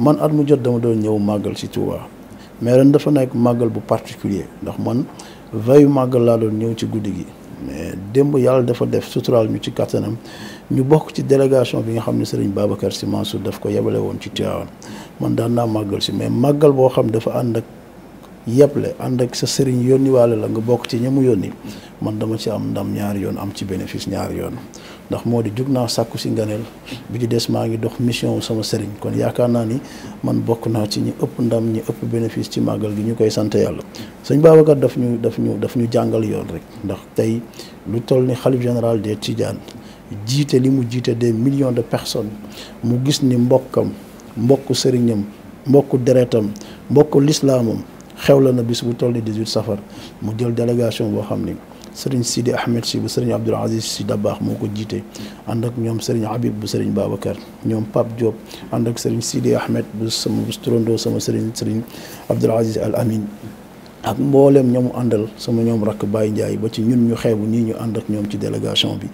man at mu jot dama doon ñëw màggal si waa mais ren dafa nekk màggal bu particulier ndax man veyu màggal laa doon ñëw ci guddi gi mais démb yàlla dafa def suturaal ñu ci kattanam ñu bokk ci délégation bi nga xam ne sëriñ Babacar Sy Mansour daf ko yebale woon ci Tivaouane man daan naa màggal si mais màggal boo xam dafa ànd ak yeble ànd ak sa sëriñ yónniwaale la nga bokk ci ña mu yónni man dama ci am ndam ñaari yoon am ci bénéfice ñaari yoon ndax moo di jug naa sàkku si nganeel bi di des maa ngi dox mission sama sëriñ kon yaakaar naa ni man bokk naa ci ñi ëpp ndam ñi ëpp bénéfice ci màggal gi ñu koy sant yàlla sëñ Babacar daf ñu daf ñu daf ñu jàngal yoon rek ndax tey lu toll ni xalif général des Tidianes jiite li mu jiite des million de personnes mu gis ni mbokkam mbokk sëriñam mbokku deretam mbokku lislaamam xewla na bis bu toll ni 18 safar mu jël délégation boo xam ni sëriñ Sidi Ahmed si bu sëriñ Abdoul Aziz si Dabaax moo ko jiite ànd ak ñoom sëriñ Habib bu sëriñ Babacar ñoom Pape Diop ànd ak sëriñ Sidi Ahmed bu sama bu turandoo sama sëriñ sëriñ Abdoul Aziz Al Amin ak mbooleem ñoomu àndal sama ñoom rak Baye ndjay ba ci ñun ñu xeebu ñi ñu ànd ak ñoom ci délégation bi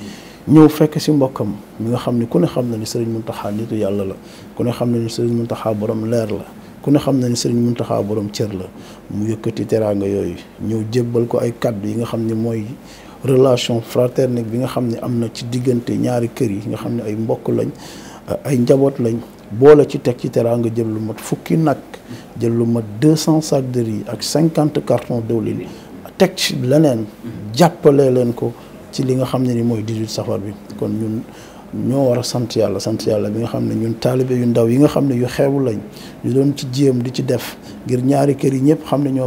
ñëw fekk si mbokam mi nga xam ne ku ne xam na ni sëriñ Muntaxa nitu yàlla la ku ne xam na ni sëriñ Muntaxa borom leer la ku ne xam na ni sëriñ Muntaxa boroom cër la mu yëkkati teraanga yooyu ñëw jébbal ko ay kàddu yi nga xam ne mooy relation fraternelle bi nga xam ne am na ci diggante ñaari kër yi nga xam ne ay mbokk lañ ay njaboot lañ boole ci teg ci teraanga jël lu mat fukki nag jël lu mat deux cent sacs de riz ak cinquante cartons diwlin teg ci leneen jàppale leen ko ci li nga xam ne ni mooy 18 safar bi kon ñun ñoo war a sant yàlla sant yàlla bi nga xam ne ñun taalibe yu ndaw yi nga xam ne yu xeebu lañ ñu ci jéem di ci def ngir ñaari kër yi ñëpp xam ne ñoo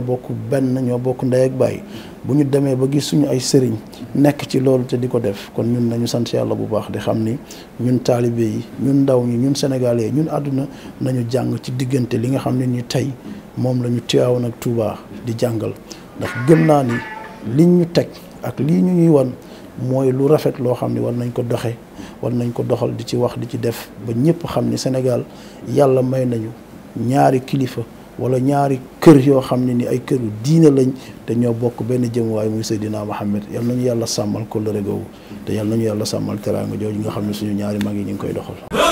benn ñoo bokk ndey baay bu ñu demee ba gis suñu ay sëriñ nekk ci loolu te di ko def kon ñun nañu sant yàlla bu baax di xam ni ñun taalibe yi ñun ndaw ñi ñun sénégalais ñun àdduna nañu jàng ci diggante li nga xam ne ñu tey moom la ñu Tiwaawan ak Tuubaa di jàngal ndax gëm naa ni li ñu teg ak lii ñu ñuy wan mooy lu rafet loo xam ne war nañ ko doxee war nañ ko doxal di ci wax di ci def ba ñëpp xam ni Sénégal yàlla may nañu ñaari kilifa wala ñaari kër yoo xam ne ni ay këru diine lañ te ñoo bokk benn jëmuwaay muy Seydina Mohamed yal nañu yàlla sàmmal kóllëre googu te yàlla nañu yàlla sàmmal teraanga jooju nga xam ne suñu ñaari mag yi ñu ngi koy doxal.